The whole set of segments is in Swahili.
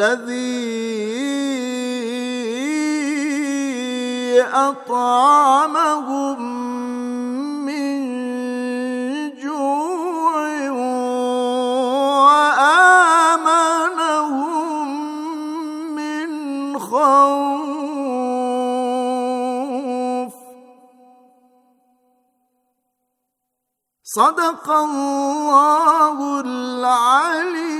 الذي اطعمهم من جوع وامنهم من خوف صدق الله العليم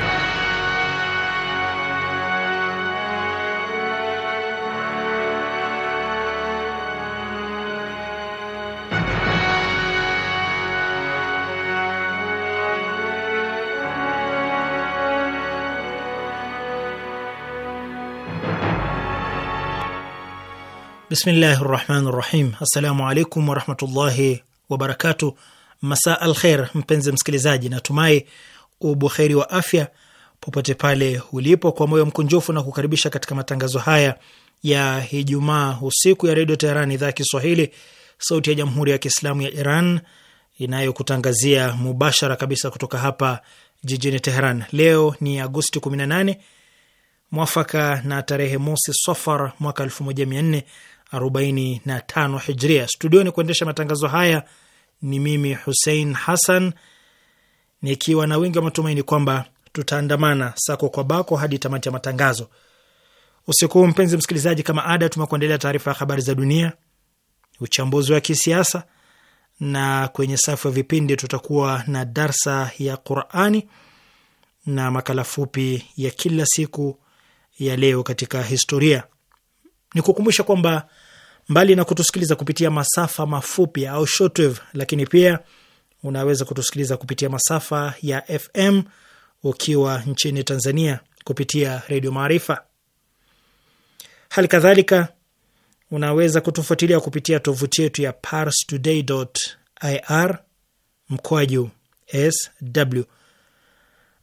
Bismillahi rahmani rahim. Assalamu alaikum warahmatullahi wabarakatu. Masa al kher, mpenzi msikilizaji, natumai ubuheri wa afya popote pale ulipo. Kwa moyo mkunjufu na kukaribisha katika matangazo haya ya Ijumaa usiku ya Redio Teheran, idhaa ya Kiswahili, sauti ya Jamhuri ya Kiislamu ya Iran inayokutangazia mubashara kabisa kutoka hapa jijini Teheran. Leo ni Agosti 18 mwafaka na tarehe mosi Sofar mwaka 45 hijria. Studioni kuendesha matangazo haya ni mimi Husein Hassan, nikiwa na wingi wa matumaini kwamba tutaandamana sako kwa bako hadi tamati ya matangazo usiku huu. Mpenzi msikilizaji, kama ada, tumekuandalia taarifa ya habari za dunia, uchambuzi wa kisiasa, na kwenye safu ya vipindi tutakuwa na darsa ya Qurani na makala fupi ya kila siku ya leo katika historia. Ni kukumbusha kwamba mbali na kutusikiliza kupitia masafa mafupi au shortwave, lakini pia unaweza kutusikiliza kupitia masafa ya FM ukiwa nchini Tanzania kupitia Redio Maarifa. Hali kadhalika unaweza kutufuatilia kupitia tovuti yetu ya parstoday.ir mkwaju sw.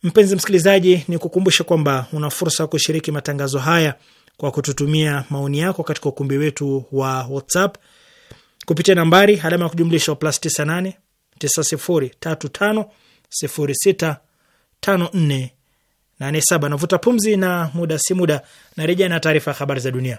Mpenzi msikilizaji, ni kukumbusha kwamba una fursa ya kushiriki matangazo haya kwa kututumia maoni yako katika ukumbi wetu wa WhatsApp kupitia nambari alama ya kujumlisha plus 98 saba Navuta pumzi na muda si muda na na taarifa ya habari za dunia.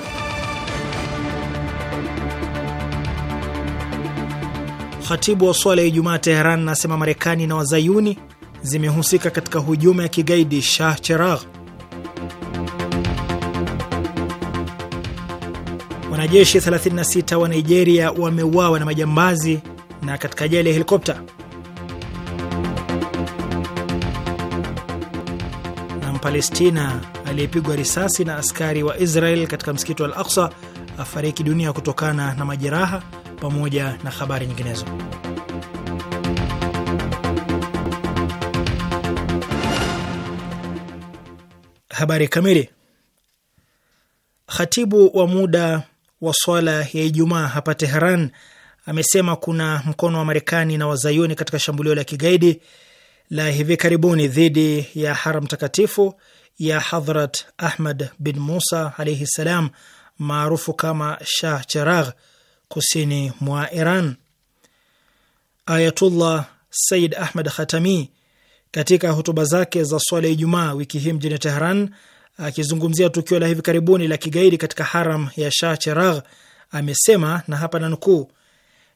Khatibu wa swala ya Ijumaa Teheran anasema Marekani na wazayuni zimehusika katika hujuma ya kigaidi Shah Cheragh. Wanajeshi 36 wa Nigeria wameuawa na majambazi na katika ajali ya helikopta. Na Mpalestina aliyepigwa risasi na askari wa Israel katika msikiti wa Al Aqsa afariki dunia kutokana na majeraha pamoja na habari nyinginezo. Habari kamili. Khatibu wa muda wa swala ya Ijumaa hapa Teheran amesema kuna mkono wa Marekani na Wazayuni katika shambulio la kigaidi la hivi karibuni dhidi ya haram takatifu ya Hadhrat Ahmad bin Musa alaihi ssalam maarufu kama Shah Cheragh kusini mwa Iran. Ayatullah Said Ahmad Khatami katika hotuba zake za swala ya Ijumaa wiki hii mjini Tehran, akizungumzia tukio la hivi karibuni la kigaidi katika haram ya Shah Cheragh amesema, na hapa nanukuu,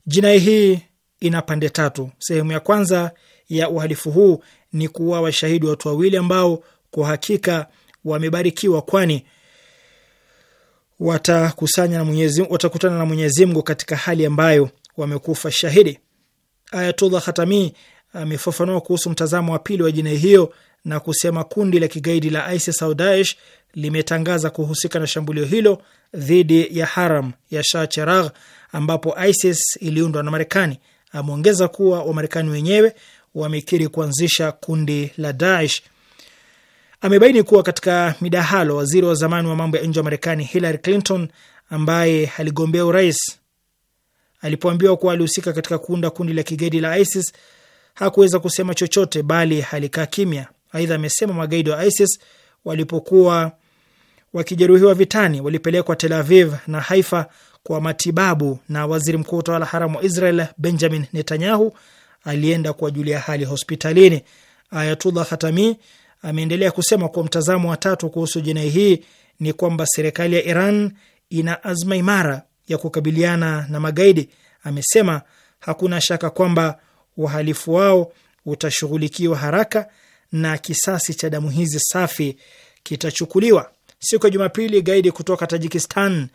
jinai hii ina pande tatu. Sehemu ya kwanza ya uhalifu huu ni kuwa washahidi watu wawili ambao kwa hakika wamebarikiwa, kwani watakusanya na Mwenyezi, watakutana na Mwenyezi Mungu katika hali ambayo wamekufa shahidi. Ayatullah Khatami amefafanua kuhusu mtazamo wa pili wa jinai hiyo na kusema kundi la kigaidi la ISIS au Daesh limetangaza kuhusika na shambulio hilo dhidi ya haram ya Shah Cheragh ambapo ISIS iliundwa na Marekani. Ameongeza kuwa Wamarekani wenyewe wamekiri kuanzisha kundi la Daesh amebaini kuwa katika midahalo, waziri wa zamani wa mambo ya nje wa Marekani Hillary Clinton ambaye aligombea urais alipoambiwa kuwa alihusika katika kuunda kundi la kigaidi la ISIS hakuweza kusema chochote, bali alikaa kimya. Aidha, amesema magaidi wa ISIS walipokuwa wakijeruhiwa vitani walipelekwa Tel Aviv na Haifa kwa matibabu, na waziri mkuu wa utawala haramu wa Israel Benjamin Netanyahu alienda kuwajulia hali hospitalini. Ayatullah Khatami Ameendelea kusema kuwa mtazamo wa tatu kuhusu jinai hii ni kwamba serikali ya Iran ina azma imara ya kukabiliana na magaidi. Amesema hakuna shaka kwamba uhalifu wao utashughulikiwa haraka na kisasi cha damu hizi safi kitachukuliwa. Siku ya Jumapili, gaidi kutoka Tajikistan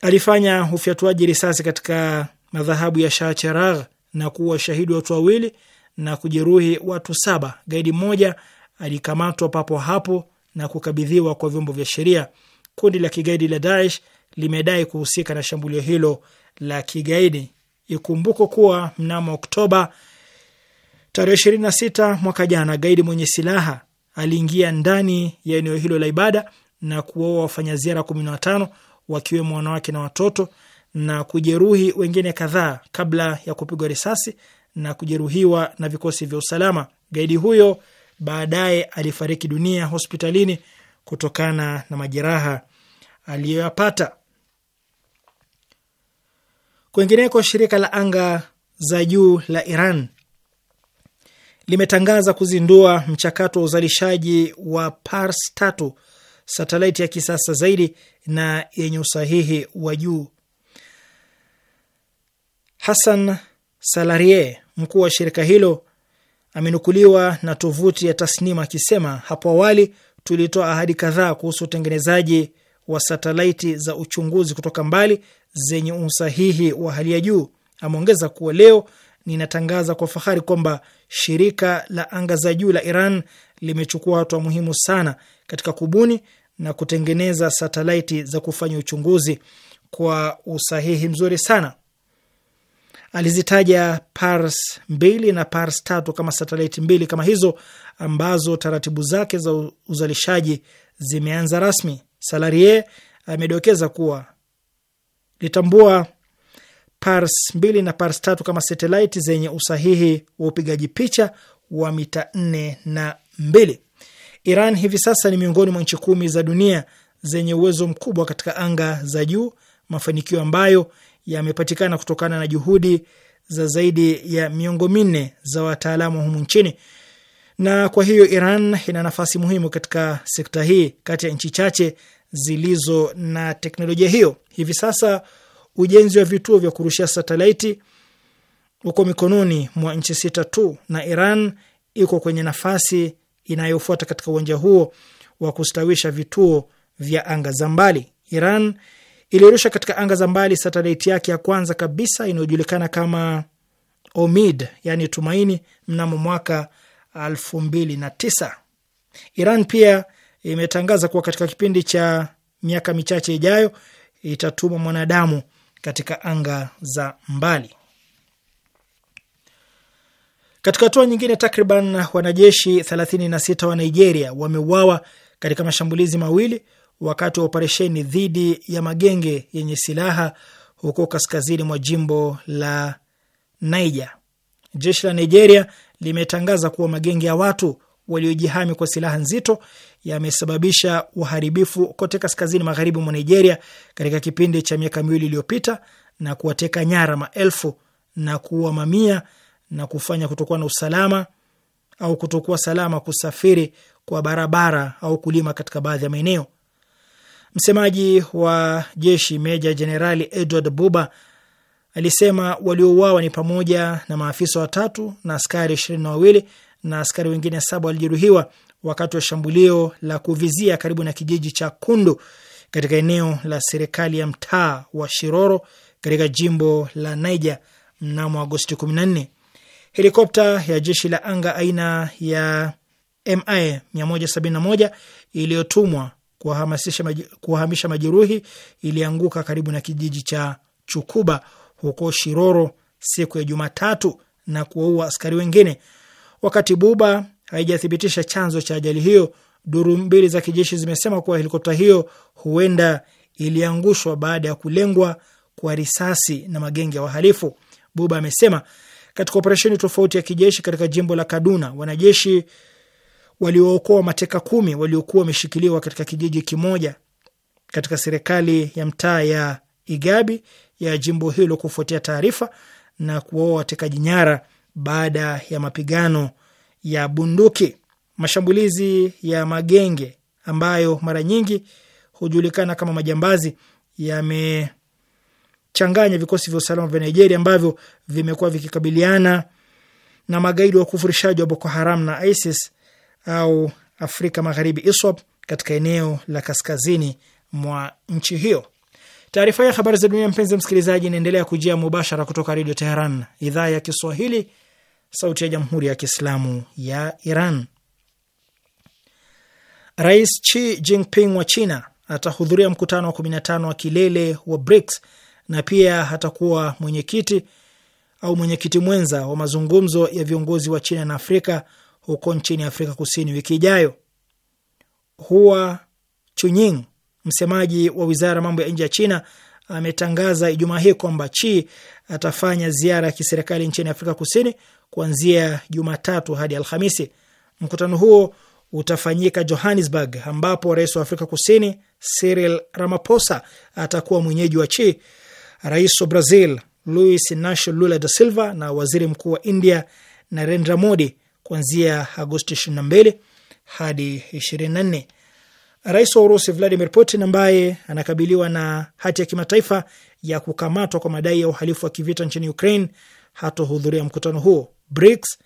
alifanya ufyatuaji risasi katika madhahabu ya Shah Cheragh na kuwa shahidi watu wawili na kujeruhi watu saba. Gaidi mmoja alikamatwa papo hapo na kukabidhiwa kwa vyombo vya sheria. Kundi la kigaidi la Daesh limedai kuhusika na shambulio hilo la kigaidi. Ikumbuko kuwa mnamo Oktoba tarehe ishirini na sita mwaka jana, gaidi mwenye silaha aliingia ndani ya eneo hilo la ibada na kuwaua wafanyaziara watano wakiwemo wanawake na watoto na kujeruhi wengine kadhaa kabla ya kupigwa risasi na kujeruhiwa na vikosi vya usalama. Gaidi huyo baadaye alifariki dunia hospitalini kutokana na majeraha aliyoyapata. Kwingineko, shirika la anga za juu la Iran limetangaza kuzindua mchakato wa uzalishaji wa Pars tatu, satelaiti ya kisasa zaidi na yenye usahihi wa juu. Hassan Salarie, mkuu wa shirika hilo amenukuliwa na tovuti ya Tasnim akisema hapo awali tulitoa ahadi kadhaa kuhusu utengenezaji wa satelaiti za uchunguzi kutoka mbali zenye usahihi wa hali ya juu. Ameongeza kuwa leo ninatangaza kwa fahari kwamba shirika la anga za juu la Iran limechukua hatua muhimu sana katika kubuni na kutengeneza satelaiti za kufanya uchunguzi kwa usahihi mzuri sana. Alizitaja Pars mbili na Pars tatu kama satelaiti mbili kama hizo ambazo taratibu zake za uzalishaji zimeanza rasmi. Salarie amedokeza kuwa litambua Pars mbili na Pars tatu kama satelaiti zenye usahihi wa upigaji picha wa mita nne na mbili. Iran hivi sasa ni miongoni mwa nchi kumi za dunia zenye uwezo mkubwa katika anga za juu, mafanikio ambayo yamepatikana kutokana na juhudi za zaidi ya miongo minne za wataalamu humu nchini, na kwa hiyo Iran ina nafasi muhimu katika sekta hii kati ya nchi chache zilizo na teknolojia hiyo. Hivi sasa ujenzi wa vituo vya kurushia satelaiti uko mikononi mwa nchi sita tu, na Iran iko kwenye nafasi inayofuata katika uwanja huo wa kustawisha vituo vya anga za mbali. Iran ilirusha katika anga za mbali satelaiti yake ya kwanza kabisa inayojulikana kama Omid, yani Tumaini, mnamo mwaka elfu tisa. Iran pia imetangaza kuwa katika kipindi cha miaka michache ijayo itatuma mwanadamu katika anga za mbali. Katika hatua nyingine, takriban wanajeshi 36 wa Nigeria wameuawa katika mashambulizi mawili wakati wa operesheni dhidi ya magenge yenye silaha huko kaskazini mwa jimbo la Niger. Jeshi la Nigeria limetangaza kuwa magenge ya watu waliojihami kwa silaha nzito yamesababisha uharibifu kote kaskazini magharibi mwa Nigeria katika kipindi cha miaka miwili iliyopita na kuwateka nyara maelfu na kuua mamia na kufanya kutokuwa na usalama au kutokuwa salama kusafiri kwa barabara au kulima katika baadhi ya maeneo. Msemaji wa jeshi Meja Jenerali Edward Buba alisema waliouawa ni pamoja na maafisa watatu na askari ishirini na wawili na askari wengine saba walijeruhiwa wakati wa shambulio la kuvizia karibu na kijiji cha Kundu katika eneo la serikali ya mtaa wa Shiroro katika jimbo la Niger mnamo Agosti 14. Helikopta ya jeshi la anga aina ya MI 171 iliyotumwa kuwahamisha majeruhi ilianguka karibu na kijiji cha Chukuba huko Shiroro siku ya Jumatatu na kuwaua askari wengine. Wakati Buba haijathibitisha chanzo cha ajali hiyo, duru mbili za kijeshi zimesema kuwa helikopta hiyo huenda iliangushwa baada ya kulengwa kwa risasi na magenge ya wahalifu. Buba amesema katika operesheni tofauti ya kijeshi katika jimbo la Kaduna, wanajeshi waliookoa mateka kumi waliokuwa wameshikiliwa katika kijiji kimoja katika serikali ya mtaa ya Igabi ya jimbo hilo kufuatia taarifa na kuwaoa watekaji nyara baada ya mapigano ya bunduki. Mashambulizi ya magenge ambayo mara nyingi hujulikana kama majambazi yamechanganya vikosi vya usalama vya Nigeria ambavyo vimekuwa vikikabiliana na magaidi wa kufurishaji wa Boko Haram na ISIS au Afrika Magharibi, ISWAP, katika eneo la kaskazini mwa nchi hiyo. Taarifa ya habari za dunia, mpenzi msikilizaji, inaendelea kujia mubashara kutoka Redio Teheran, idhaa ya Kiswahili, sauti ya Jamhuri ya Kiislamu ya Iran. Rais Xi Jinping wa China atahudhuria mkutano wa 15 wa kilele wa BRICS na pia atakuwa mwenyekiti au mwenyekiti mwenza wa mazungumzo ya viongozi wa China na Afrika huko nchini Afrika Kusini wiki ijayo. Hua Chunying, msemaji wa wizara ya mambo ya nje ya China, ametangaza Ijumaa hii kwamba Chi atafanya ziara ya kiserikali nchini Afrika Kusini kuanzia Jumatatu hadi Alhamisi. Mkutano huo utafanyika Johannesburg, ambapo rais wa Afrika Kusini Cyril Ramaphosa atakuwa mwenyeji wa Chi. Rais wa Brazil Luis Inacio Lula da Silva na waziri mkuu wa India Narendra Modi kuanzia Agosti 22 hadi 24. Rais wa Urusi Vladimir Putin ambaye anakabiliwa na hati ya kimataifa ya kukamatwa kwa madai ya uhalifu wa kivita nchini Ukraine hatohudhuria mkutano huo. BRICS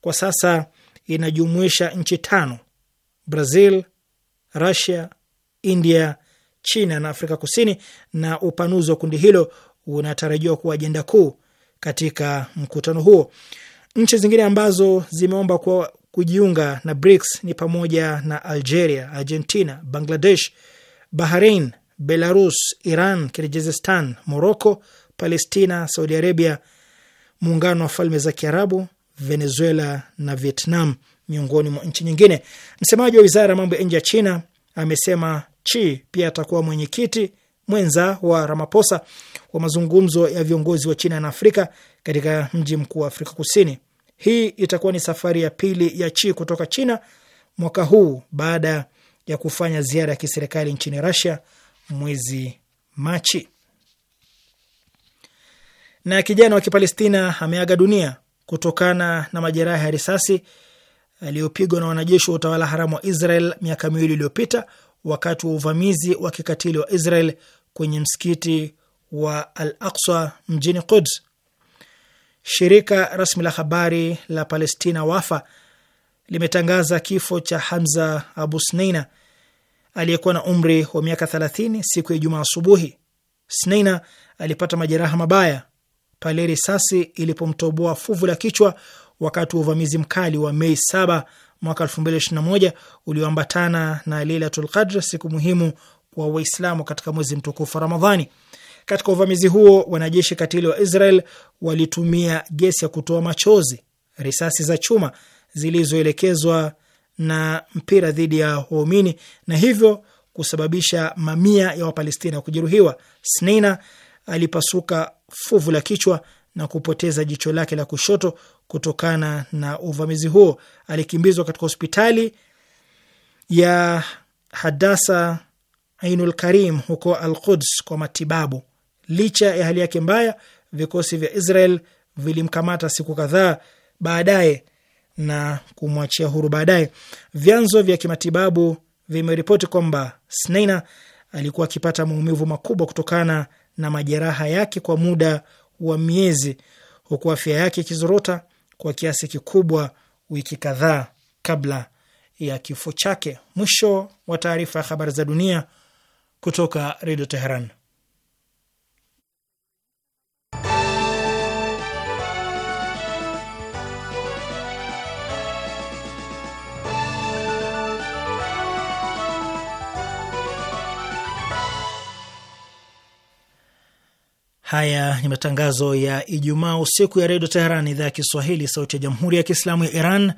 kwa sasa inajumuisha nchi tano: Brazil, Russia, India, China na Afrika Kusini, na upanuzi wa kundi hilo unatarajiwa kuwa ajenda kuu katika mkutano huo. Nchi zingine ambazo zimeomba kwa kujiunga na BRICS ni pamoja na Algeria, Argentina, Bangladesh, Bahrain, Belarus, Iran, Kirgizistan, Morocco, Palestina, Saudi Arabia, Muungano wa Falme za Kiarabu, Venezuela na Vietnam, miongoni mwa nchi nyingine. Msemaji wa wizara ya mambo ya nje ya China amesema chi pia atakuwa mwenyekiti mwenza wa Ramaphosa wa mazungumzo ya viongozi wa China na Afrika katika mji mkuu wa Afrika Kusini. Hii itakuwa ni safari ya pili ya chi kutoka China mwaka huu baada ya kufanya ziara ya kiserikali nchini Russia mwezi Machi. Na kijana wa Kipalestina ameaga dunia kutokana na majeraha ya risasi aliyopigwa na wanajeshi wa utawala haramu wa Israel miaka miwili iliyopita wakati wa uvamizi wa kikatili wa Israel kwenye msikiti wa Al Aqsa mjini Quds. Shirika rasmi la habari la Palestina Wafa limetangaza kifo cha Hamza Abu Sneina aliyekuwa na umri wa miaka 30 siku ya Ijumaa asubuhi. Sneina alipata majeraha mabaya pale risasi ilipomtoboa fuvu la kichwa wakati wa uvamizi mkali wa Mei 7 mwaka 2021 ulioambatana na Lailatul Qadr, siku muhimu kwa Waislamu katika mwezi mtukufu wa Ramadhani. Katika uvamizi huo, wanajeshi katili wa Israel walitumia gesi ya kutoa machozi, risasi za chuma zilizoelekezwa na mpira dhidi ya waumini na hivyo kusababisha mamia ya Wapalestina kujeruhiwa. Sneina alipasuka fuvu la kichwa na kupoteza jicho lake la kushoto kutokana na uvamizi huo. Alikimbizwa katika hospitali ya Hadasa Ainul Karim huko Al Quds kwa matibabu. Licha ya hali yake mbaya, vikosi vya Israel vilimkamata siku kadhaa baadaye na kumwachia huru baadaye. Vyanzo vya kimatibabu vimeripoti kwamba Sneina alikuwa akipata maumivu makubwa kutokana na majeraha yake kwa muda wa miezi, huku afya yake ikizorota kwa kiasi kikubwa wiki kadhaa kabla ya kifo chake. Mwisho wa taarifa ya habari za dunia kutoka Redio Teheran. Haya ni matangazo ya Ijumaa usiku ya Redio Teheran, idhaa ya Kiswahili, sauti ya Jamhuri ya Kiislamu ya Iran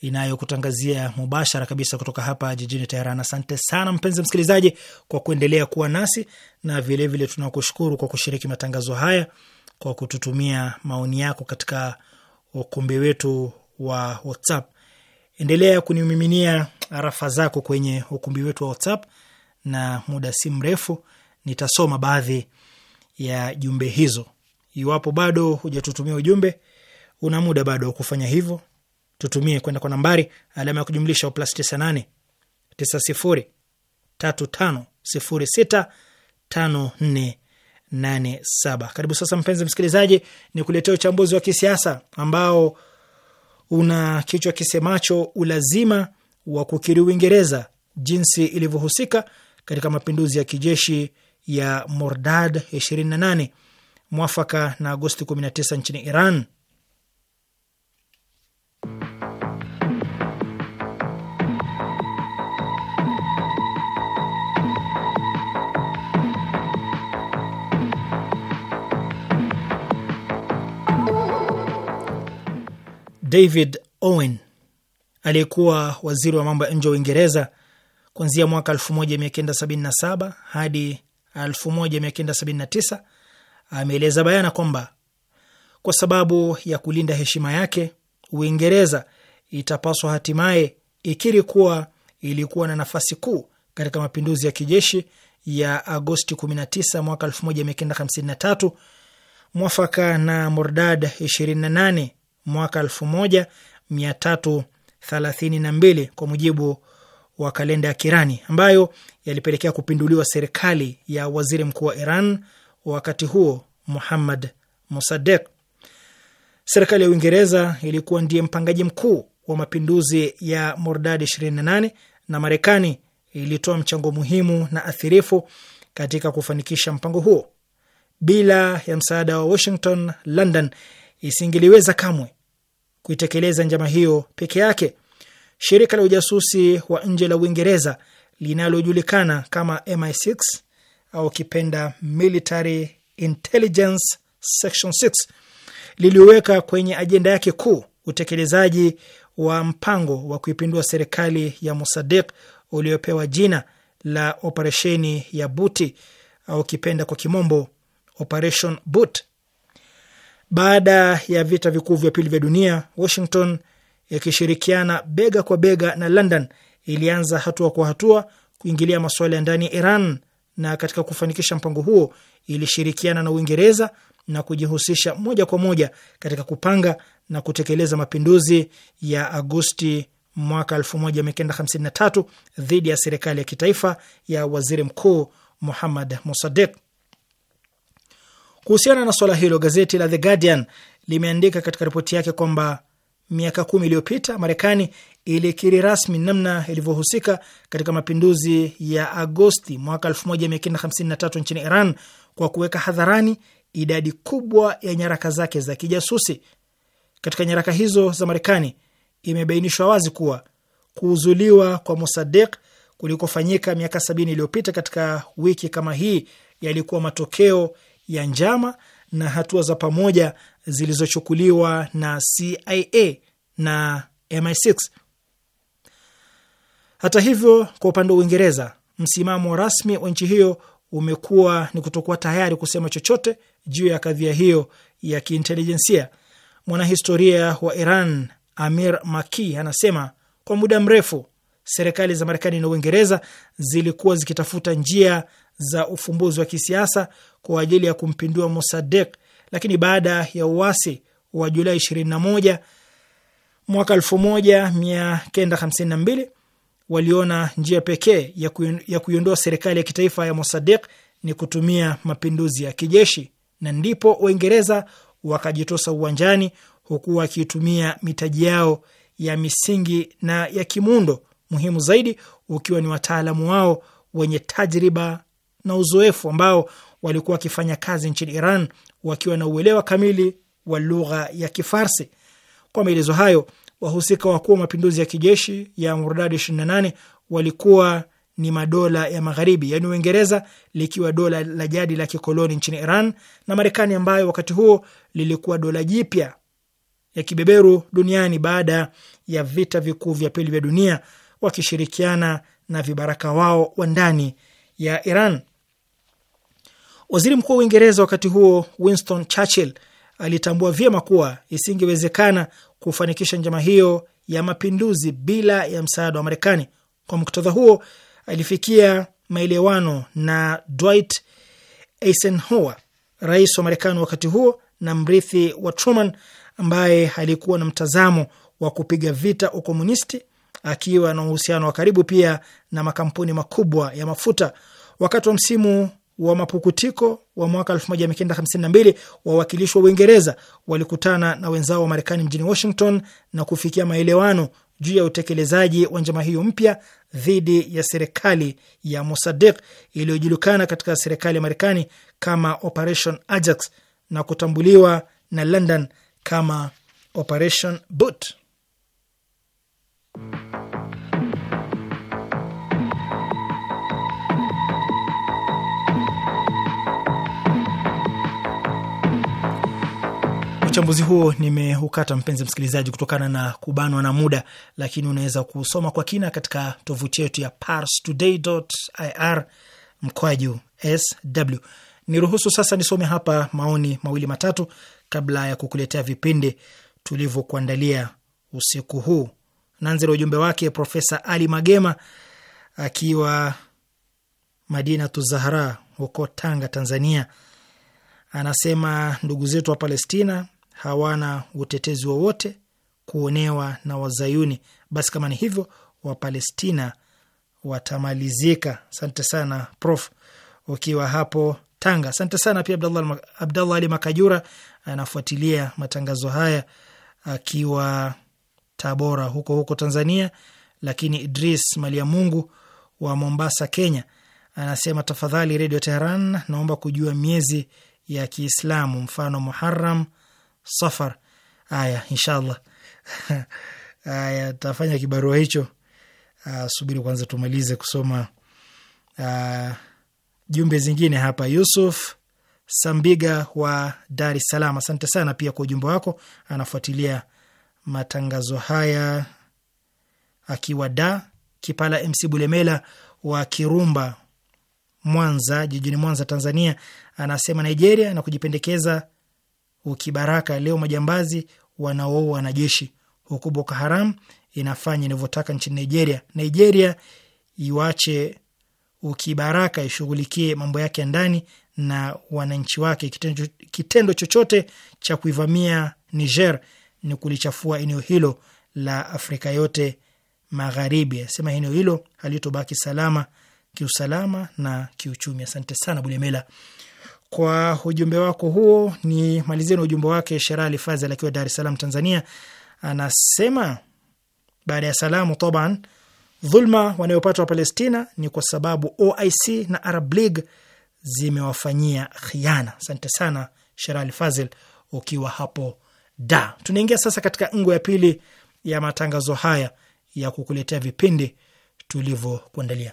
inayokutangazia mubashara kabisa kutoka hapa jijini Teheran. Asante sana mpenzi msikilizaji kwa kuendelea kuwa nasi na vilevile tunakushukuru kwa kushiriki matangazo haya kwa kututumia maoni yako katika ukumbi wetu wa WhatsApp. Endelea kunimiminia arafa zako kwenye ukumbi wetu wa WhatsApp na muda si mrefu nitasoma baadhi ya jumbe hizo. Iwapo bado hujatutumia ujumbe, una muda bado wa kufanya hivyo. Tutumie kwenda kwa nambari alama ya kujumlisha plus tisa tisa nane sifuri tatu tano sifuri sita tano nne nane saba. Karibu sasa, mpenzi msikilizaji, ni kuletea uchambuzi wa kisiasa ambao una kichwa kisemacho ulazima wa kukiri Uingereza jinsi ilivyohusika katika mapinduzi ya kijeshi ya Mordad 28 mwafaka na Agosti 19 nchini Iran. David Owen aliyekuwa waziri wa mambo ya nje wa Uingereza kuanzia mwaka 1977 hadi 1979 ameeleza bayana kwamba kwa sababu ya kulinda heshima yake, Uingereza itapaswa hatimaye ikiri kuwa ilikuwa na nafasi kuu katika mapinduzi ya kijeshi ya Agosti 19 mwaka 1953 mwafaka na Mordad 28 mwaka 1332 kwa mujibu wa kalenda ya Kirani ambayo yalipelekea kupinduliwa serikali ya waziri mkuu wa Iran wakati huo Muhammad Mosaddeq. Serikali ya Uingereza ilikuwa ndiye mpangaji mkuu wa mapinduzi ya Mordad 28 na Marekani ilitoa mchango muhimu na athirifu katika kufanikisha mpango huo. Bila ya msaada wa Washington, London isingeliweza kamwe kuitekeleza njama hiyo peke yake, Shirika la ujasusi wa nje la Uingereza linalojulikana kama MI6 au kipenda Military Intelligence Section 6 liliweka kwenye ajenda yake kuu utekelezaji wa mpango wa kuipindua serikali ya Mosadiq uliopewa jina la operesheni ya Buti au kipenda kwa kimombo Operation Boot. Baada ya vita vikuu vya pili vya dunia, Washington yakishirikiana bega kwa bega na London ilianza hatua kwa hatua kuingilia masuala ya ndani ya Iran, na katika kufanikisha mpango huo ilishirikiana na Uingereza na kujihusisha moja kwa moja katika kupanga na kutekeleza mapinduzi ya Agosti mwaka 1953 dhidi ya serikali ya kitaifa ya waziri mkuu Muhammad Mossadegh. Kuhusiana na swala hilo, gazeti la The Guardian limeandika katika ripoti yake kwamba miaka kumi iliyopita Marekani ilikiri rasmi namna ilivyohusika katika mapinduzi ya Agosti mwaka 1953 nchini Iran kwa kuweka hadharani idadi kubwa ya nyaraka zake za kijasusi. Katika nyaraka hizo za Marekani imebainishwa wazi kuwa kuuzuliwa kwa Mosadek kulikofanyika miaka sabini iliyopita katika wiki kama hii yalikuwa matokeo ya njama na hatua za pamoja zilizochukuliwa na CIA na MI6. Hata hivyo, kwa upande wa Uingereza, msimamo rasmi wa nchi hiyo umekuwa ni kutokuwa tayari kusema chochote juu ya kadhia hiyo ya kiintelijensia. Mwanahistoria wa Iran Amir Maki anasema kwa muda mrefu serikali za Marekani na Uingereza zilikuwa zikitafuta njia za ufumbuzi wa kisiasa kwa ajili ya kumpindua Mosadek lakini baada ya uasi wa Julai 21 mwaka 1952 waliona njia pekee ya kuiondoa serikali ya kitaifa ya Mossadegh ni kutumia mapinduzi ya kijeshi, na ndipo Waingereza wakajitosa uwanjani, huku wakitumia mitaji yao ya misingi na ya kimundo muhimu zaidi ukiwa ni wataalamu wao wenye tajriba na uzoefu ambao walikuwa wakifanya kazi nchini Iran wakiwa na uelewa kamili wa lugha ya Kifarsi. Kwa maelezo hayo, wahusika wakuu wa mapinduzi ya kijeshi ya Murdad 28 walikuwa ni madola ya Magharibi, yaani Uingereza likiwa dola la jadi la kikoloni nchini Iran na Marekani ambayo wakati huo lilikuwa dola jipya ya kibeberu duniani baada ya vita vikuu vya pili vya dunia, wakishirikiana na vibaraka wao wa ndani ya Iran. Waziri mkuu wa Uingereza wakati huo Winston Churchill alitambua vyema kuwa isingewezekana kufanikisha njama hiyo ya mapinduzi bila ya msaada wa Marekani. Kwa muktadha huo, alifikia maelewano na Dwight Eisenhower, rais wa Marekani wakati huo na mrithi wa Truman, ambaye alikuwa na mtazamo wa kupiga vita ukomunisti, akiwa na uhusiano wa karibu pia na makampuni makubwa ya mafuta. Wakati wa msimu wa mapukutiko wa mwaka 1952 wawakilishi wa Uingereza walikutana na wenzao wa Marekani mjini Washington na kufikia maelewano juu ya utekelezaji wa njama hiyo mpya dhidi ya serikali ya Mosadiq iliyojulikana katika serikali ya Marekani kama Operation Ajax na kutambuliwa na London kama Operation Boot. Uchambuzi huo nimeukata mpenzi msikilizaji, kutokana na kubanwa na muda, lakini unaweza kusoma kwa kina katika tovuti yetu ya parstoday.ir mkwaju sw. Niruhusu sasa nisome hapa maoni mawili matatu kabla ya kukuletea vipindi tulivyokuandalia usiku huu. Nanze na ujumbe wake Profesa Ali Magema akiwa Madina Tuzahara huko Tanga, Tanzania, anasema ndugu zetu wa Palestina hawana utetezi wowote kuonewa na Wazayuni. Basi kama ni hivyo, Wapalestina watamalizika. Asante sana Prof ukiwa hapo Tanga. Asante sana pia Abdallah, Abdallah Ali Makajura anafuatilia matangazo haya akiwa Tabora huko huko Tanzania. Lakini Idris Maliamungu wa Mombasa, Kenya anasema tafadhali, Redio Teheran, naomba kujua miezi ya Kiislamu, mfano uh, Safar. aya inshallah aya, tafanya kibarua hicho. Uh, subiri kwanza tumalize kusoma uh, jumbe zingine hapa. Yusuf Sambiga wa Dar es Salaam, asante sana pia kwa ujumbe wako. Anafuatilia matangazo haya akiwa da Kipala. MC Bulemela wa Kirumba, Mwanza, jijini Mwanza, Tanzania, anasema Nigeria na kujipendekeza ukibaraka leo majambazi wanaoua wanajeshi, huku Boko Haram inafanya inavyotaka nchini Nigeria. Nigeria iwache ukibaraka, ishughulikie mambo yake ya ndani na wananchi wake. Kitendo, kitendo chochote cha kuivamia Niger ni kulichafua eneo hilo la Afrika yote Magharibi. Asema eneo hilo halitobaki salama kiusalama na kiuchumi. Asante sana Bulemela kwa ujumbe wako huo. Ni malizie na ujumbe wake Sherali Fazel akiwa Dar es Salaam, Tanzania, anasema baada ya salamu, toban dhulma wanayopata wa Palestina ni kwa sababu OIC na Arab League zimewafanyia khiana. Asante sana Sherali Fazil ukiwa hapo Da. Tunaingia sasa katika ngo ya pili ya matangazo haya ya kukuletea vipindi tulivyokuandalia.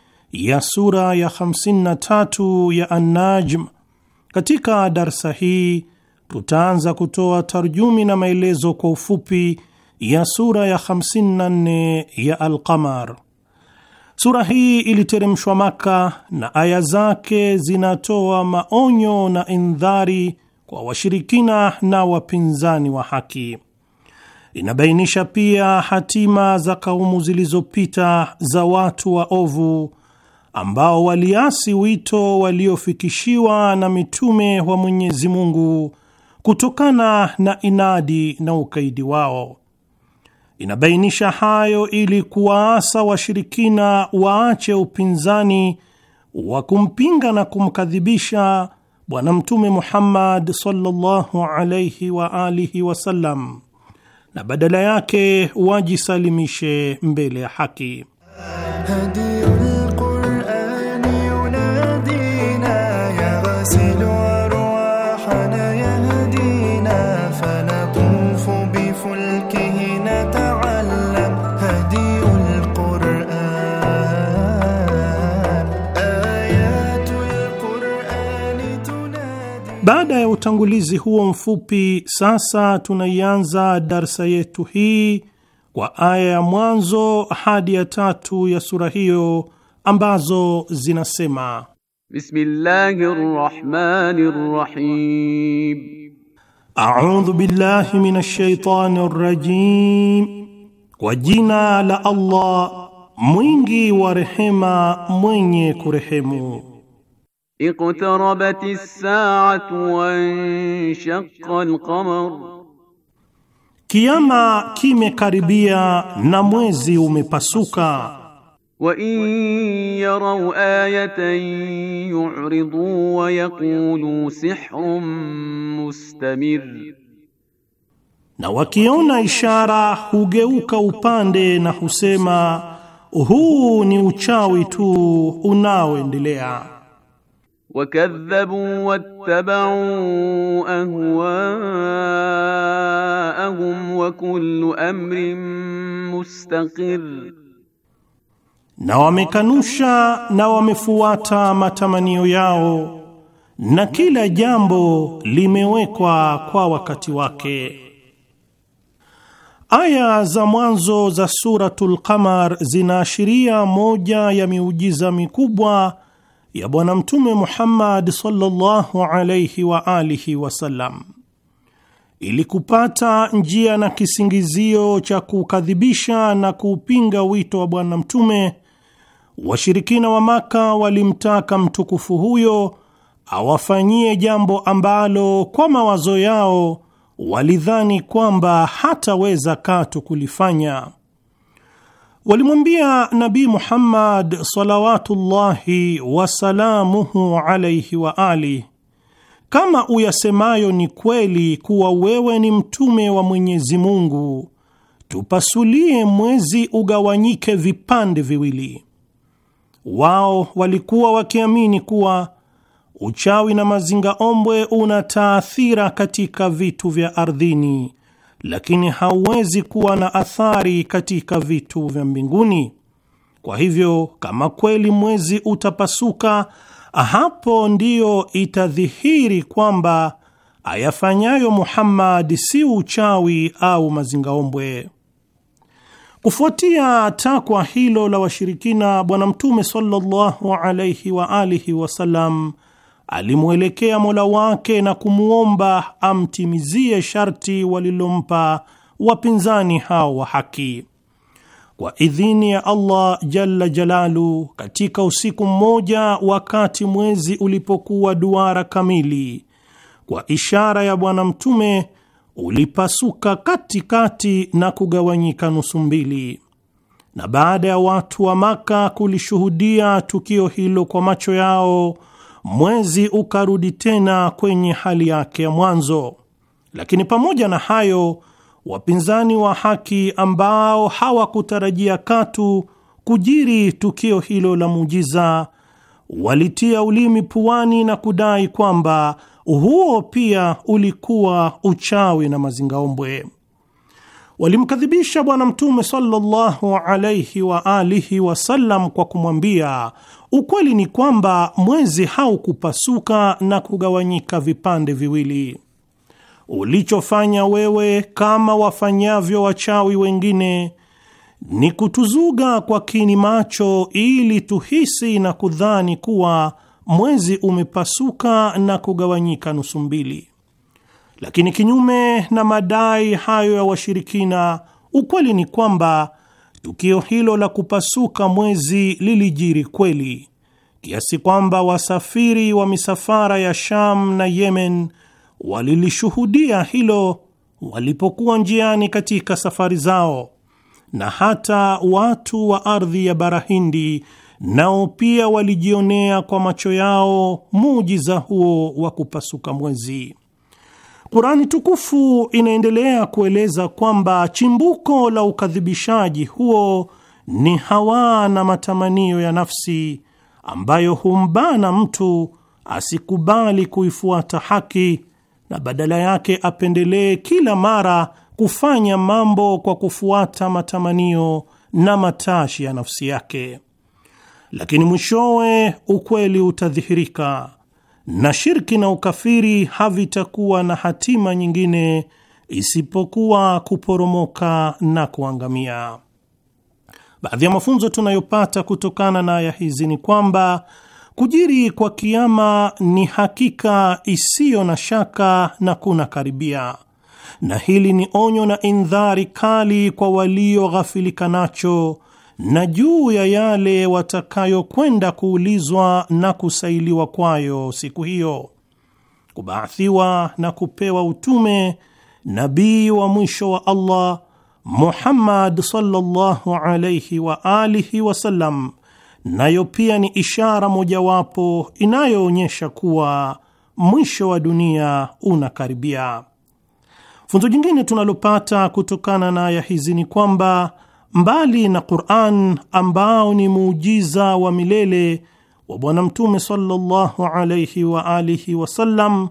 ya sura ya 53 ya An-Najm. Katika darsa hii tutaanza kutoa tarjumi na maelezo kwa ufupi ya sura ya 54 ya Al-Qamar. Sura hii iliteremshwa Maka na aya zake zinatoa maonyo na indhari kwa washirikina na wapinzani wa haki. Inabainisha pia hatima za kaumu zilizopita za watu wa ovu ambao waliasi wito waliofikishiwa na mitume wa Mwenyezi Mungu kutokana na inadi na ukaidi wao. Inabainisha hayo ili kuwaasa washirikina waache upinzani wa kumpinga na kumkadhibisha Bwana Mtume Muhammad sallallahu alayhi wa alihi wasallam, na badala yake wajisalimishe mbele ya haki Hadi. Baada ya utangulizi huo mfupi, sasa tunaianza darsa yetu hii kwa aya ya mwanzo hadi ya tatu ya sura hiyo ambazo zinasema: Bismillahir Rahmanir Rahim, A'udhu billahi minash shaitanir rajim, kwa jina la Allah mwingi wa rehema mwenye kurehemu. Iqtarabat as-sa'atu wa shaqqa al-qamar, Kiyama kimekaribia na mwezi umepasuka. Wa in yaraw ayatan yu'ridu wa yaqulu sihrun mustamir, na wakiona ishara hugeuka upande na husema huu ni uchawi tu unaoendelea wakadhabu wattabau ahwaahum wa kullu amrin mustaqir, na wamekanusha na wamefuata matamanio yao na kila jambo limewekwa kwa wakati wake. Aya za mwanzo za Suratul Qamar zinaashiria moja ya miujiza mikubwa ya Bwana Mtume Muhammad sallallahu alayhi wa alihi wasallam ili kupata njia na kisingizio cha kukadhibisha na kuupinga wito wa Bwana Mtume, washirikina wa Maka walimtaka mtukufu huyo awafanyie jambo ambalo kwa mawazo yao walidhani kwamba hataweza katu kulifanya, Walimwambia Nabi Muhammad salawatullahi wasalamuhu alaihi wa ali, kama uyasemayo ni kweli kuwa wewe ni mtume wa Mwenyezi Mungu, tupasulie mwezi ugawanyike vipande viwili. Wao walikuwa wakiamini kuwa uchawi na mazinga ombwe una taathira katika vitu vya ardhini lakini hauwezi kuwa na athari katika vitu vya mbinguni. Kwa hivyo, kama kweli mwezi utapasuka, hapo ndiyo itadhihiri kwamba ayafanyayo Muhammad si uchawi au mazingaombwe. Kufuatia takwa hilo la washirikina, Bwana Mtume sallallahu alaihi wa alihi wasallam alimwelekea Mola wake na kumwomba amtimizie sharti walilompa wapinzani hao wa haki. Kwa idhini ya Allah jalla jalalu, katika usiku mmoja, wakati mwezi ulipokuwa duara kamili, kwa ishara ya Bwana Mtume ulipasuka katikati na kugawanyika nusu mbili, na baada ya watu wa Maka kulishuhudia tukio hilo kwa macho yao mwezi ukarudi tena kwenye hali yake ya mwanzo. Lakini pamoja na hayo, wapinzani wa haki ambao hawakutarajia katu kujiri tukio hilo la muujiza walitia ulimi puani na kudai kwamba huo pia ulikuwa uchawi na mazingaombwe. Walimkadhibisha Bwana Mtume sallallahu alaihi wa alihi wasallam kwa kumwambia Ukweli ni kwamba mwezi haukupasuka na kugawanyika vipande viwili. Ulichofanya wewe kama wafanyavyo wachawi wengine ni kutuzuga kwa kini macho ili tuhisi na kudhani kuwa mwezi umepasuka na kugawanyika nusu mbili. Lakini kinyume na madai hayo ya washirikina, ukweli ni kwamba Tukio hilo la kupasuka mwezi lilijiri kweli kiasi kwamba wasafiri wa misafara ya Sham na Yemen walilishuhudia hilo walipokuwa njiani katika safari zao, na hata watu wa ardhi ya bara Hindi nao pia walijionea kwa macho yao muujiza huo wa kupasuka mwezi. Kurani tukufu inaendelea kueleza kwamba chimbuko la ukadhibishaji huo ni hawa na matamanio ya nafsi ambayo humbana mtu asikubali kuifuata haki na badala yake apendelee kila mara kufanya mambo kwa kufuata matamanio na matashi ya nafsi yake. Lakini mwishowe ukweli utadhihirika na shirki na ukafiri havitakuwa na hatima nyingine isipokuwa kuporomoka na kuangamia. Baadhi ya mafunzo tunayopata kutokana na aya hizi ni kwamba kujiri kwa kiama ni hakika isiyo na shaka na kuna karibia, na hili ni onyo na indhari kali kwa walioghafilika nacho na juu ya yale watakayokwenda kuulizwa na kusailiwa kwayo siku hiyo, kubaathiwa na kupewa utume nabii wa mwisho wa Allah Muhammad sallallahu alayhi wa alihi wasallam, nayo pia ni ishara mojawapo inayoonyesha kuwa mwisho wa dunia unakaribia. Funzo jingine tunalopata kutokana na aya hizi ni kwamba mbali na Qur'an ambao ni muujiza wa milele wa Bwana Mtume sallallahu alayhi wa alihi wasallam,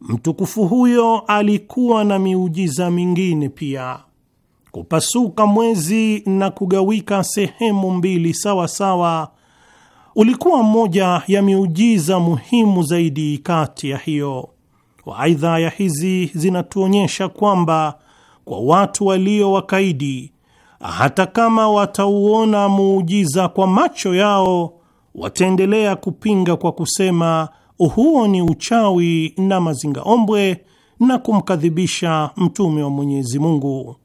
mtukufu huyo alikuwa na miujiza mingine pia: kupasuka mwezi na kugawika sehemu mbili sawa sawa ulikuwa mmoja ya miujiza muhimu zaidi kati ya hiyo. Waidha, ya hizi zinatuonyesha kwamba kwa watu walio wakaidi hata kama watauona muujiza kwa macho yao, wataendelea kupinga kwa kusema huo ni uchawi na mazingaombwe na kumkadhibisha mtume wa Mwenyezi Mungu.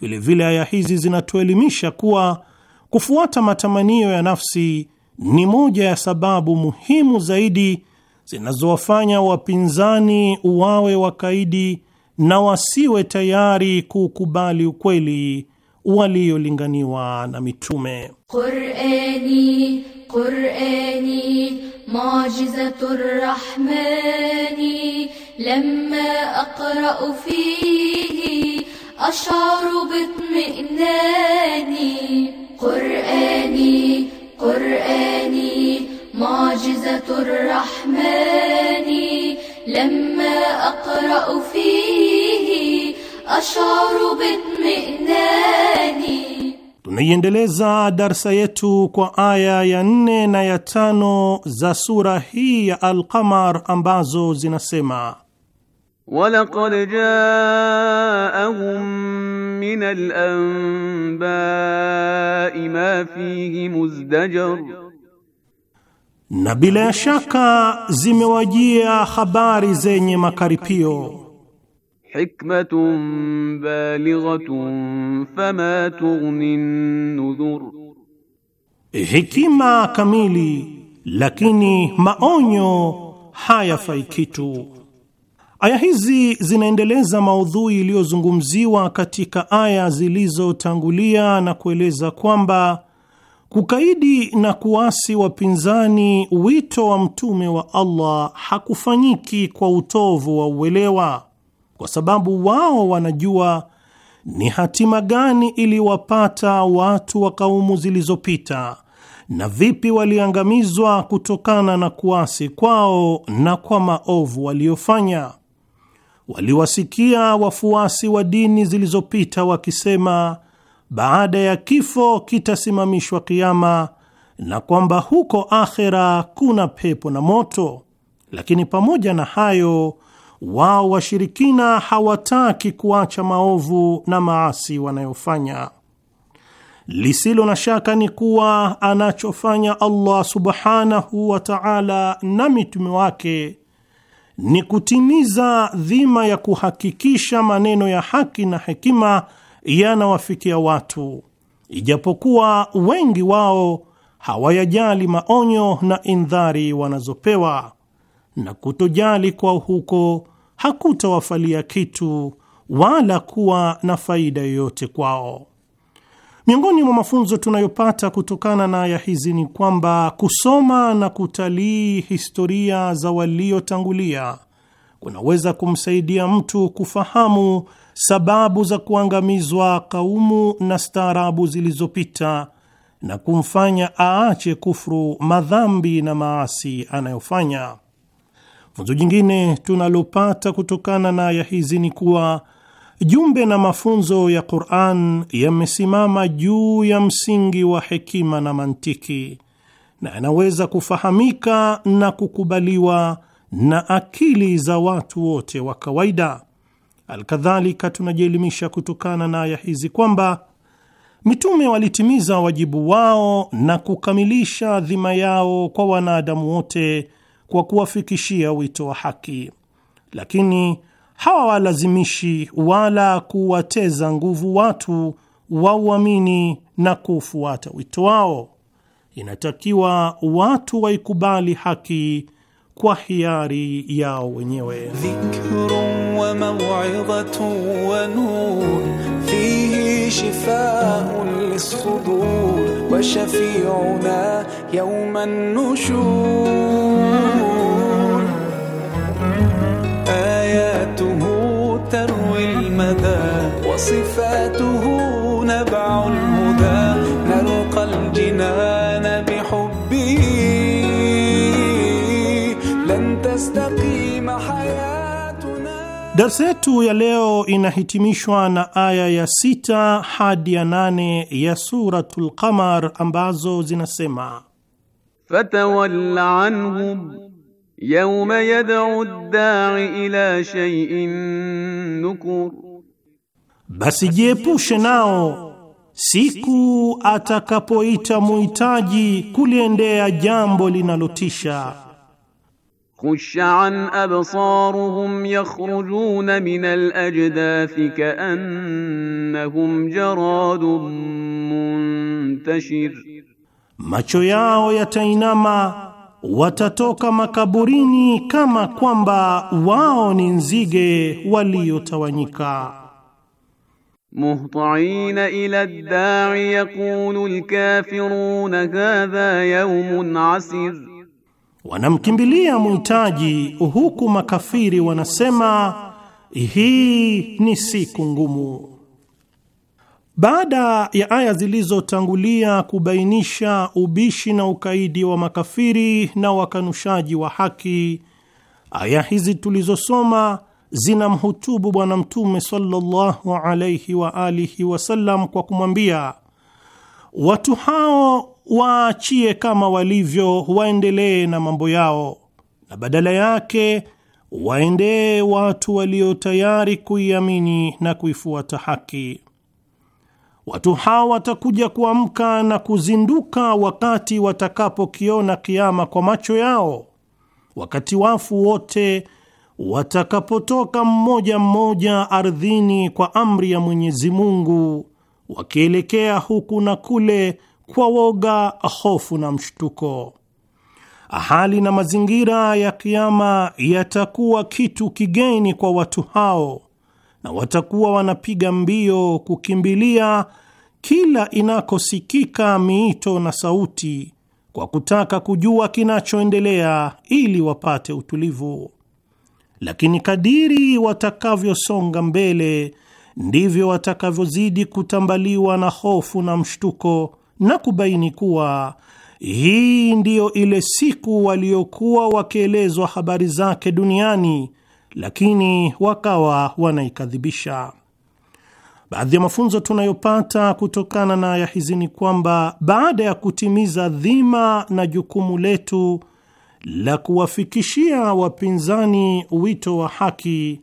Vilevile aya hizi zinatuelimisha kuwa kufuata matamanio ya nafsi ni moja ya sababu muhimu zaidi zinazowafanya wapinzani wawe wakaidi na wasiwe tayari kuukubali ukweli waliolinganiwa na mitume. Qur'ani, Qur'ani, mu'jizatur rahmani lamma aqra'u fihi asharu bitmi'nani Qur'ani, Qur'ani, mu'jizatur rahmani lamma aqra'u fihi ashuru bitminani. Tunaiendeleza darsa yetu kwa aya ya nne na ya tano za sura hii ya Al-Qamar ambazo zinasema walaqad jaahum min al-anba'i ma fihi muzdajar na bila ya shaka zimewajia habari zenye makaripio hikmatun balighatun fama tughni nudhur, hikima kamili lakini maonyo hayafai kitu. Aya hizi zinaendeleza maudhui iliyozungumziwa katika aya zilizotangulia na kueleza kwamba kukaidi na kuasi wapinzani wito wa mtume wa Allah hakufanyiki kwa utovu wa uelewa kwa sababu wao wanajua ni hatima gani iliwapata watu wa kaumu zilizopita na vipi waliangamizwa kutokana na kuasi kwao na kwa maovu waliofanya. Waliwasikia wafuasi wa dini zilizopita wakisema baada ya kifo kitasimamishwa kiama na kwamba huko akhera kuna pepo na moto, lakini pamoja na hayo wao washirikina hawataki kuacha maovu na maasi wanayofanya. Lisilo na shaka ni kuwa anachofanya Allah subhanahu wa ta'ala na mitume wake ni kutimiza dhima ya kuhakikisha maneno ya haki na hekima yanawafikia watu, ijapokuwa wengi wao hawayajali maonyo na indhari wanazopewa na kutojali kwao huko hakutawafalia kitu wala kuwa na faida yoyote kwao. Miongoni mwa mafunzo tunayopata kutokana na aya hizi ni kwamba kusoma na kutalii historia za waliotangulia kunaweza kumsaidia mtu kufahamu sababu za kuangamizwa kaumu na staarabu zilizopita na kumfanya aache kufru madhambi na maasi anayofanya. Funzo jingine tunalopata kutokana na aya hizi ni kuwa jumbe na mafunzo ya Qur'an yamesimama juu ya msingi wa hekima na mantiki na yanaweza kufahamika na kukubaliwa na akili za watu wote wa kawaida. Alkadhalika, tunajielimisha kutokana na aya hizi kwamba mitume walitimiza wajibu wao na kukamilisha dhima yao kwa wanadamu wote kwa kuwafikishia wito wa haki, lakini hawawalazimishi wala kuwateza nguvu watu wauamini na kufuata wito wao. Inatakiwa watu waikubali haki kwa hiari yao wenyewe. شفاء للصدور وشفيعنا يوم النشور آياته تروي المدى وصفاته نبع المدى Darsa yetu ya leo inahitimishwa na aya ya sita hadi ya nane ya Suratul Qamar ambazo zinasema: fatawalla anhum yawma yad'u ad-da'i ila shay'in nukur, basi jiepushe nao siku atakapoita muhitaji kuliendea jambo linalotisha خش عن ابصارهم يخرجون من الاجداث كانهم جراد منتشر macho yao yatainama watatoka makaburini kama kwamba wao ni nzige waliotawanyika مهطعين إلى الداع يقول الكافرون هذا يوم عسر wanamkimbilia muhitaji, huku makafiri wanasema hii ni siku ngumu. Baada ya aya zilizotangulia kubainisha ubishi na ukaidi wa makafiri na wakanushaji wa haki, aya hizi tulizosoma zinamhutubu Bwana Mtume sallallahu alaihi wa alihi wasallam kwa kumwambia watu hao waachie kama walivyo, waendelee na mambo yao, na badala yake waendee watu walio tayari kuiamini na kuifuata haki. Watu hawa watakuja kuamka na kuzinduka wakati watakapokiona kiama kwa macho yao, wakati wafu wote watakapotoka mmoja mmoja ardhini kwa amri ya Mwenyezi Mungu, wakielekea huku na kule kwa woga, hofu na mshtuko. Hali na mazingira ya kiama yatakuwa kitu kigeni kwa watu hao, na watakuwa wanapiga mbio kukimbilia kila inakosikika miito na sauti, kwa kutaka kujua kinachoendelea ili wapate utulivu. Lakini kadiri watakavyosonga mbele ndivyo watakavyozidi kutambaliwa na hofu na mshtuko na kubaini kuwa hii ndiyo ile siku waliokuwa wakielezwa habari zake duniani, lakini wakawa wanaikadhibisha. Baadhi ya mafunzo tunayopata kutokana na aya hizi ni kwamba baada ya kutimiza dhima na jukumu letu la kuwafikishia wapinzani wito wa haki,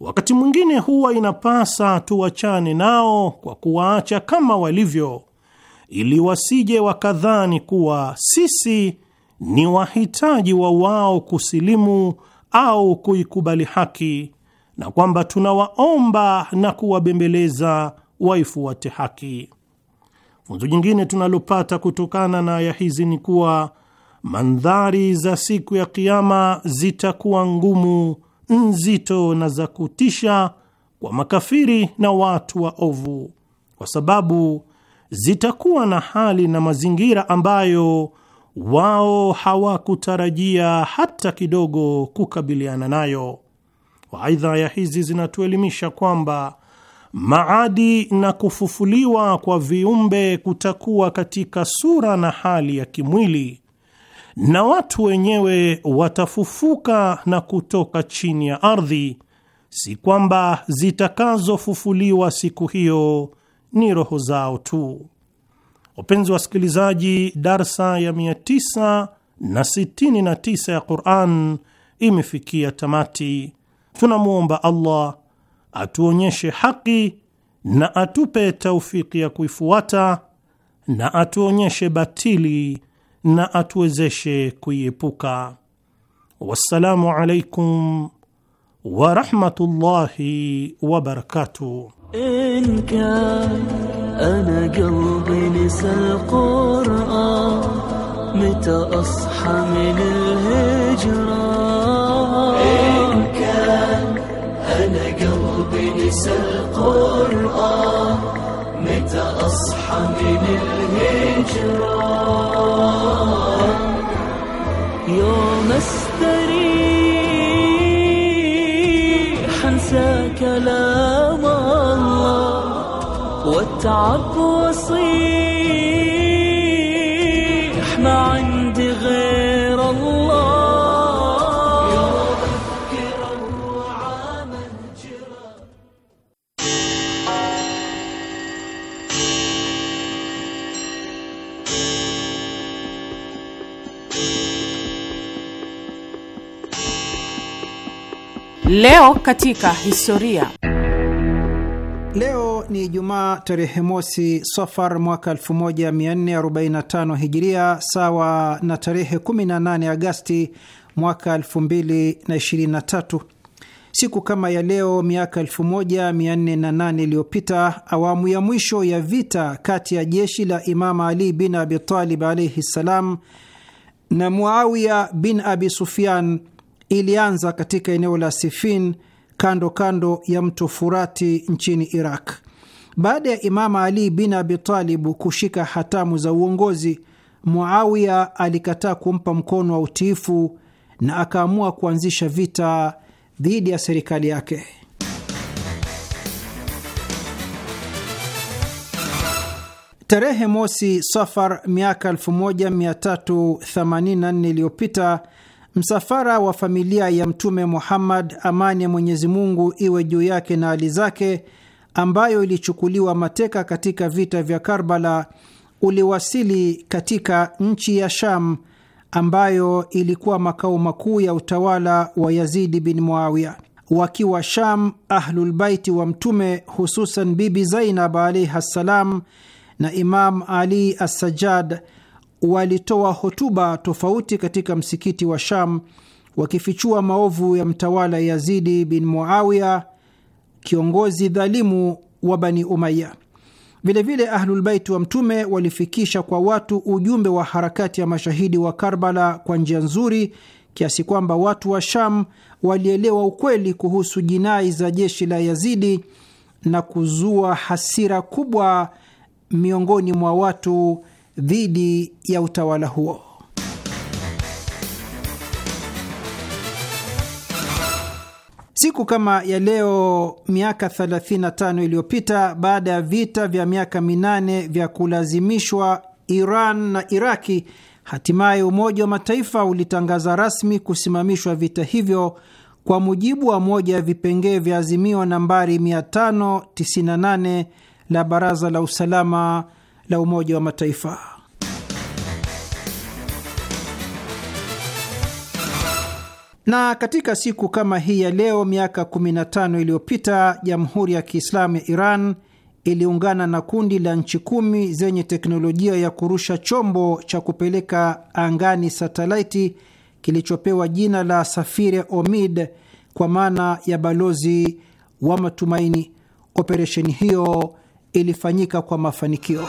wakati mwingine huwa inapasa tuwachane nao kwa kuwaacha kama walivyo ili wasije wakadhani kuwa sisi ni wahitaji wa wao kusilimu au kuikubali haki na kwamba tunawaomba na kuwabembeleza waifuate haki. Funzo jingine tunalopata kutokana na aya hizi ni kuwa mandhari za siku ya Kiama zitakuwa ngumu, nzito na za kutisha kwa makafiri na watu waovu, kwa sababu zitakuwa na hali na mazingira ambayo wao hawakutarajia hata kidogo kukabiliana nayo. Waidha, ya hizi zinatuelimisha kwamba maadi na kufufuliwa kwa viumbe kutakuwa katika sura na hali ya kimwili, na watu wenyewe watafufuka na kutoka chini ya ardhi, si kwamba zitakazofufuliwa siku hiyo ni roho zao tu. Wapenzi wasikilizaji, darsa ya 969 ya Quran imefikia tamati. Tunamwomba Allah atuonyeshe haki na atupe taufiki ya kuifuata na atuonyeshe batili na atuwezeshe kuiepuka. Wassalamu alaikum ورحمة الله وبركاته إن كان أنا قلبي نسى القرآن متى أصحى من الهجرة إن كان أنا قلبي نسى القرآن متى أصحى من الهجرة يوم استريح كلام الله والتعب وصيه Leo katika historia. Leo ni Ijumaa tarehe mosi Safar mwaka 1445 Hijiria, sawa na tarehe 18 Agasti mwaka 2023. Siku kama ya leo miaka 1408 iliyopita, awamu ya mwisho ya vita kati ya jeshi la Imama Ali bin Abi Talib alaihi ssalam na Muawiya bin Abi Sufyan ilianza katika eneo la Sifin kando kando ya mto Furati nchini Iraq. Baada ya imamu Ali bin abitalibu kushika hatamu za uongozi, Muawiya alikataa kumpa mkono wa utiifu na akaamua kuanzisha vita dhidi ya serikali yake. Tarehe mosi Safar miaka 1384 iliyopita Msafara wa familia ya Mtume Muhammad, amani ya Mwenyezi Mungu iwe juu yake na hali zake, ambayo ilichukuliwa mateka katika vita vya Karbala, uliwasili katika nchi ya Sham ambayo ilikuwa makao makuu ya utawala wa Yazidi bin Muawiya. Wakiwa Sham, Ahlulbaiti wa Mtume, hususan Bibi Zainab alaihi ssalam na Imam Ali Assajad walitoa hotuba tofauti katika msikiti wa Sham wakifichua maovu ya mtawala Yazidi bin Muawiya, kiongozi dhalimu wa Bani Umaya. Vilevile, Ahlulbaiti wa Mtume walifikisha kwa watu ujumbe wa harakati ya mashahidi wa Karbala kwa njia nzuri kiasi kwamba watu wa Sham walielewa ukweli kuhusu jinai za jeshi la Yazidi na kuzua hasira kubwa miongoni mwa watu dhidi ya utawala huo. Siku kama ya leo miaka 35 iliyopita, baada ya vita vya miaka minane vya kulazimishwa Iran na Iraki, hatimaye Umoja wa Mataifa ulitangaza rasmi kusimamishwa vita hivyo kwa mujibu wa moja ya vipengee vya azimio nambari 598 la Baraza la Usalama la Umoja wa Mataifa. Na katika siku kama hii ya leo miaka 15 iliyopita Jamhuri ya Kiislamu ya Iran iliungana na kundi la nchi kumi zenye teknolojia ya kurusha chombo cha kupeleka angani satelaiti kilichopewa jina la Safire Omid kwa maana ya balozi wa matumaini. Operesheni hiyo ilifanyika kwa mafanikio.